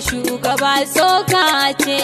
shugaba soka ce.